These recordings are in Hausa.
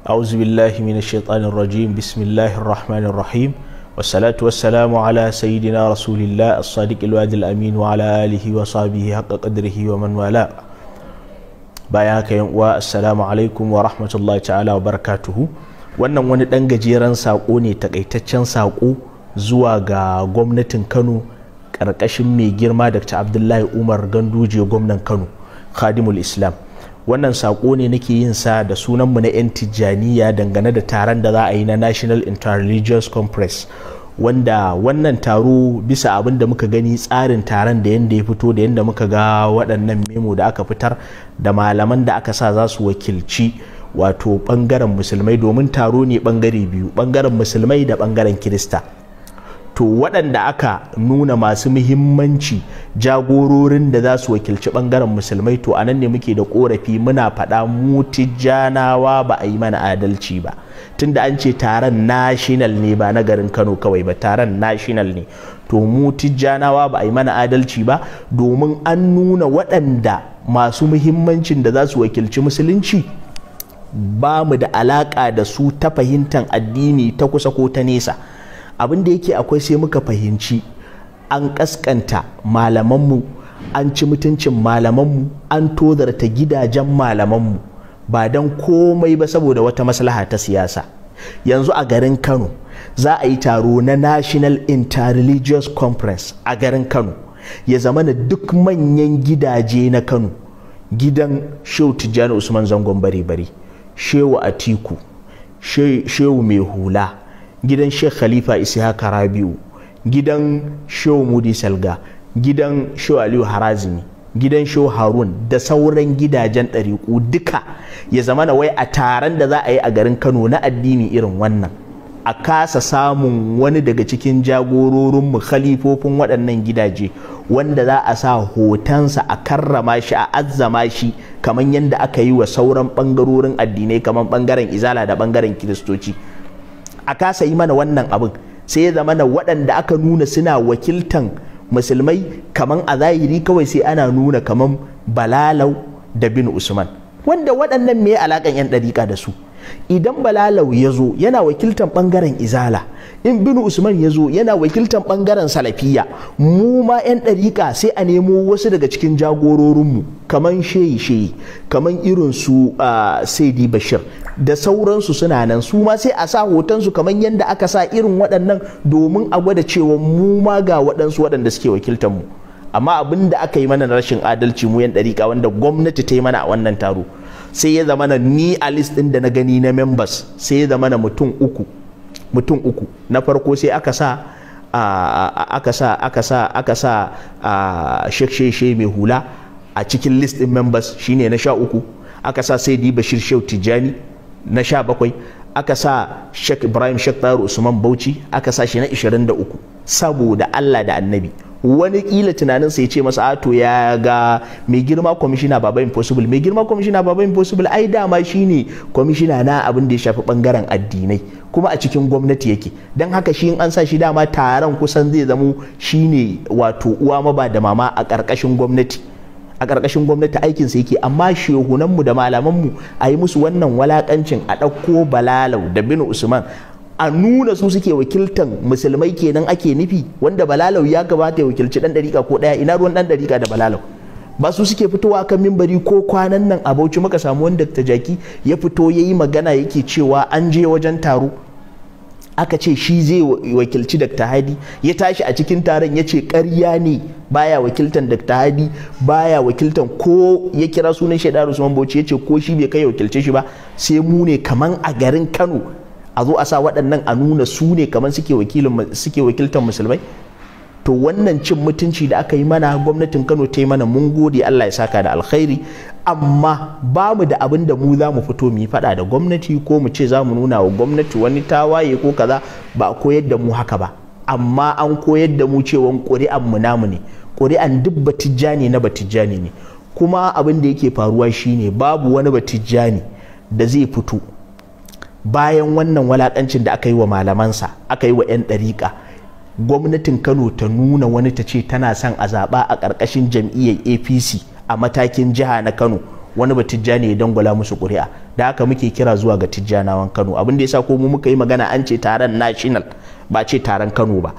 أعوذ بالله من الشيطان الرجيم بسم الله الرحمن الرحيم والصلاة والسلام على سيدنا رسول الله الصادق الوعد الأمين وعلى آله وصحبه حق قدره ومن والاه yan uwa assalamu alaikum wa rahmatullahi ta'ala barakatuhu wannan wani ɗan gajeren sako ne takaitaccen saƙo zuwa ga gwamnatin Kano ƙarƙashin mai girma Dr. Abdullahi Umar Ganduje gwamnan Kano Khadimul Islam wannan sako ne nake yin sa da sunanmu na 'yan tijjaniya dangane da taron da za a yi na national interreligious conference wanda wannan taro bisa abin da muka gani tsarin taron da yadda ya fito da yadda muka ga waɗannan memo da aka fitar da malaman da aka sa za su wakilci wato ɓangaren musulmai domin taro ne ɓangare biyu ɓangaren musulmai da ɓangaren kirista to waɗanda aka nuna masu muhimmanci jagororin da za su wakilci ɓangaren musulmai to a nan ne muke da ƙorafi muna faɗa mu tijjanawa ba a yi mana adalci ba tunda an ce taron national ne ba na garin kano kawai ba taron national ne to mu tijjanawa ba a yi mana adalci ba domin an nuna waɗanda masu muhimmancin da za su wakilci musulunci ba mu da alaƙa da su ta fahimtar addini ta kusa ko ta nesa abin da yake akwai sai muka fahimci an kaskanta malamanmu an ci mutuncin malamanmu an tozarta gidajen malamanmu ba don komai ba saboda wata maslaha ta siyasa yanzu a garin kano za a yi taro na national interreligious conference a garin kano ya zama na duk manyan gidaje na kano gidan shehu tijjani usman zangon bari-bari shehu atiku shehu mai hula gidan sheikh khalifa ishaka rabiu gidan shehu mudi salga gidan shehu aliyu harazimi gidan shehu harun da sauran gidajen ɗariƙu duka ya zama na wai a taron da za a yi a garin kano na addini irin wannan a kasa samun wani daga cikin jagororin mu khalifofin waɗannan gidaje wanda za a sa hotonsa a karrama shi a azzama shi kamar yadda aka yi wa sauran ɓangarorin addinai kamar ɓangaren izala da ɓangaren kiristoci a kasa yi mana wannan abin sai ya na waɗanda aka nuna suna wakiltan musulmai kamar a zahiri kawai sai ana nuna kamar balalau da bin usman wanda waɗannan me alaƙan yan ɗariƙa da su idan balalau ya zo yana wakiltan bangaren izala in binu usman ya zo yana wakiltan bangaren salafiya mu ma 'yan ɗariƙa sai a nemo wasu daga cikin jagororinmu kamar shayi-shayi kamar irin su saidi bashir da sauransu suna nan su ma sai a sa hotonsu kamar yadda aka sa irin waɗannan domin a gwada cewa mu ma ga waɗansu waɗanda suke wakiltan mu amma abin da aka yi mana rashin adalci mu 'yan ɗariƙa wanda gwamnati ta yi mana a wannan taro sai ya na ni a list ɗin da na gani na members sai ya zama mutum uku mutum uku na farko sai aka sa aka sa aka sa aka sa shekshe mai hula a cikin list ɗin members shine na sha uku aka sa sai diba shirshau tijjani na sha bakwai aka sa shek ibrahim shek taru usman bauchi aka sa shi na 23 saboda allah da annabi wani kila tunanin sai ce masa ato ya ga mai girma kwamishina baba impossible mai girma kwamishina baba impossible ai dama shine kwamishina na abin da ya shafi bangaren addinai kuma a cikin gwamnati yake don haka shi an sa shi dama taron kusan zai zamo shine wato uwa maba da mama a ƙarƙashin gwamnati a ƙarƙashin gwamnati aikinsa yake amma shehunanmu da malamanmu a yi musu wannan walakancin a ɗauko balalau da bin usman a nuna su suke wakiltan musulmai kenan ake nufi wanda balalau ya gabata ya wakilci dan dariƙa ko ɗaya ina ruwan dan dariƙa da balalau ba su suke fitowa kan mimbari ko kwanan nan a bauchi muka samu wanda ta jaki ya fito ya yi magana yake cewa an je wajen taro aka ce shi zai wakilci Dr. Hadi ya tashi a cikin taron ya ce ƙarya ne baya wakiltan Dr. Hadi baya wakiltan ko ya kira sunan Shaidar Usman Bauchi ya ce ko shi bai kai wakilce shi ba sai mu ne kaman a garin Kano a zo a sa waɗannan a nuna su ne kamar suke wakiltar musulmai to wannan cin mutunci da aka yi mana gwamnatin kano ta yi mana mun gode allah ya saka da alkhairi amma ba mu da abin da mu za mu fito mu yi faɗa da gwamnati ko mu ce za mu nuna wa gwamnati wani tawaye ko kaza ba a koyar da mu haka ba amma an koyar da mu cewan ƙuri'an mu namu ne ƙuri'an duk batijjani na batijjani ne kuma abin da yake faruwa shine babu wani batijjani da zai fito bayan wannan walaƙancin da aka yi wa malamansa aka yi wa 'yan ɗariƙa gwamnatin kano ta nuna wani ta ce tana son a zaɓa a ƙarƙashin jam'iyyar apc a matakin jiha na kano wani ba tijjani ya dangwala musu ƙuri'a da haka muke kira zuwa ga tijjanawan kano abin da yasa ko mu muka yi magana an ce taron national ba ce taron kano ba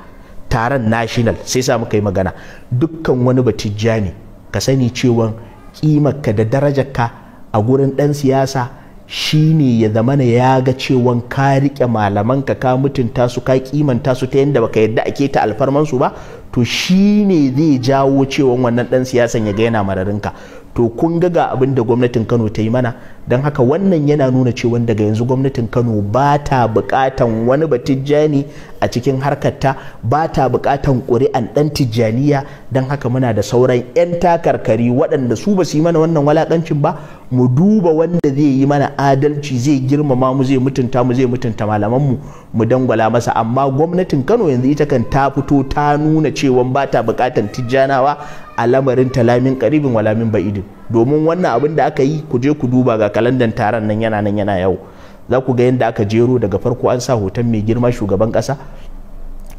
taron national sai sa muka yi magana dukkan wani ba tijjani ka sani cewa kimarka da darajarka a gurin ɗan siyasa shi ne ya zamana ya ga cewan ka riƙe malamanka ka mutunta su ka kimanta su ta yadda baka yadda ake ta alfarman su ba to shi ne zai jawo cewan wannan dan siyasan ya ga yana mararinka to kun ga ga abin da gwamnatin Kano ta yi mana don haka wannan yana nuna cewa daga yanzu gwamnatin kano ba ta bukatan wani batijjani a cikin harkarta ba ta bukatan ƙuri'an ɗan tijjaniya don haka muna da sauran 'yan takarkari waɗanda su ba su yi mana wannan walaƙancin ba mu duba wanda zai yi mana adalci zai girmama mu zai mutunta mu zai mutunta malaman mu mu dangwala masa amma gwamnatin kano yanzu ita kan ta fito ta nuna cewa ba ta bukatan tijjanawa a lamarin talamin karibin walamin ba'idin. domin wannan abin da aka yi ku je ku duba ga kalandan taron nan yana nan yana yau za ku ga yadda aka jero daga farko an sa hoton mai girma shugaban kasa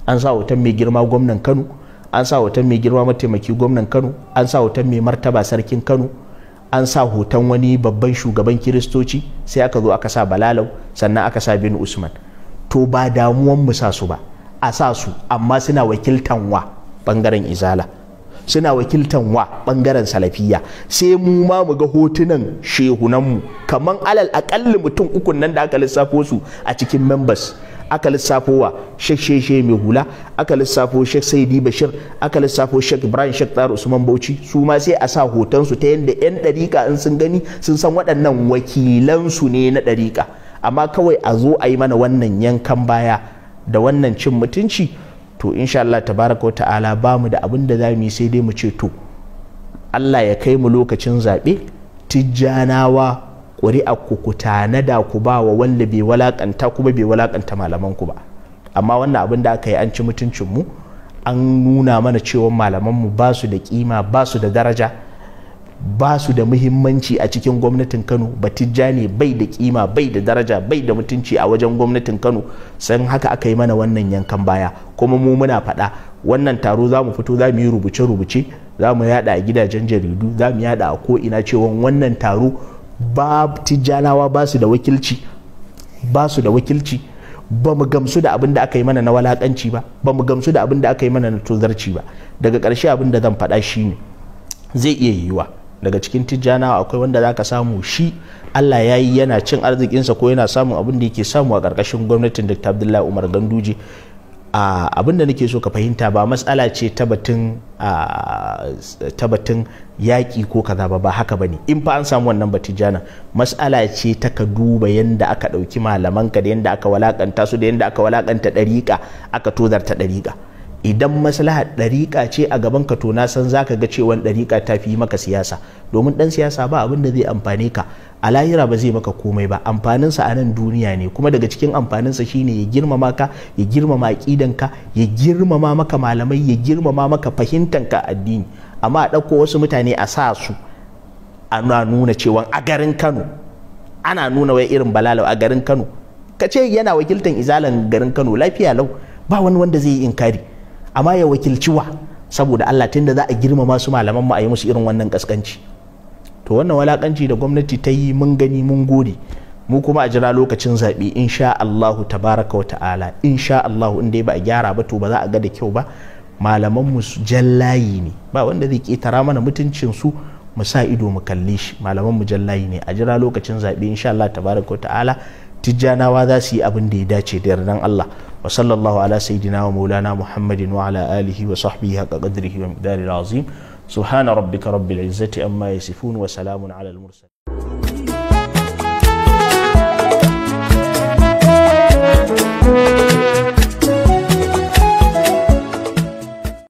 an sa hoton mai girma gwamnan kano an sa hoton mai girma mataimaki gwamnan kano an sa hoton mai martaba sarkin kano an sa hoton wani babban shugaban kiristoci sai aka zo aka sa balalau sannan aka sa bin usman to ba damuwan mu sa su ba a sa su amma suna wakiltan wa bangaren izala suna wakiltan wa bangaren salafiya sai mu ma mu ga hotunan shehunanmu kaman alal akalli mutum ukun nan da aka lissafo su a cikin members aka lissafo wa shek sheshe mai hula aka lissafo shek saidi bashir aka lissafo shek ibrahim shek tsaro usman bauchi su ma sai a sa hotonsu ta yadda yan ɗarika in sun gani sun san waɗannan wakilansu ne na ɗarika amma kawai a zo a yi mana wannan yankan baya da wannan cin mutunci to insha Allah tabaraka wa ta'ala ba mu da abin da za mu yi sai dai mu ce to Allah ya kai mu lokacin zaɓe tijjanawa ƙuri'a ku ku tanada ku ba wa wanda bai walaƙanta kuma bai walakanta malaman ku ba amma wannan abin da aka yi an ci mutuncin mu an nuna mana cewa malaman mu ba su da kima ba su da daraja ba su da muhimmanci a cikin gwamnatin kano ne bai da kima bai da daraja bai da mutunci a wajen gwamnatin kano san haka aka yi mana wannan yankan baya kuma mu muna faɗa wannan taro za mu fito za mu yi rubuce-rubuce za mu yada a gidajen jaridu za mu yada a ko'ina cewa wannan taro ba tijjanawa ba su da wakilci ba su da wakilci ba mu gamsu da abin da aka yi mana na walakanci ba ba mu gamsu da abin da aka yi mana na tozarci ba daga ƙarshe abin da zan faɗa shine zai iya yiwuwa daga cikin tijjana akwai wanda za ka samu shi allah ya yi yana cin arzikinsa ko yana samun abin da yake samu a ƙarƙashin gwamnatin dr abdullahi umar ganduji abin da nake so ka fahimta ba matsala ce ta batun yaƙi ko kaza ba ba haka ba ne in fa an samu wannan batijana matsala ce ta ka duba yadda aka ɗauki malamanka da yadda aka walakanta su da yadda aka walakanta ɗariƙa aka tozarta ɗariƙa idan maslaha ɗariƙa ce a gaban ka to na san zaka ga cewa ɗariƙa ta fi maka siyasa domin ɗan siyasa ba abin da zai amfane ka a lahira ba zai maka komai ba amfaninsa a nan duniya ne kuma daga cikin amfaninsa shine ya girmama ka ya girmama ka ya girmama maka malamai ya girmama maka ka addini amma a ɗauko wasu mutane a sa su ana nuna cewa a garin kano ana nuna wai irin balalau a garin kano ka ce yana wakiltan izalan garin kano lafiya lau ba wani wanda zai yi inkari amma ya wakilci wa saboda Allah tunda za a girmama su malaman mu a yi musu irin wannan kaskanci to wannan walakanci da gwamnati ta yi mun gani mun gode mu kuma a jira lokacin zaɓe insha Allahu tabaraka wa ta'ala insha Allahu in dai ba a gyara ba to ba za a ga da kyau ba malaman mu jallayi ne ba wanda zai ketara mana mutuncin su mu sa ido mu kalle shi malaman mu jallayi ne a jira lokacin zaɓe insha Allah tabaraka wa ta'ala tijjanawa za su yi abin da ya dace da yardan Allah wa sallallahu ala sayidina wa maulana muhammadin wa ala alihi wa sahbihi haqqa qadrihi wa miqdaril azim subhana rabbika rabbil izzati amma yasifun wa salamun ala al mursalin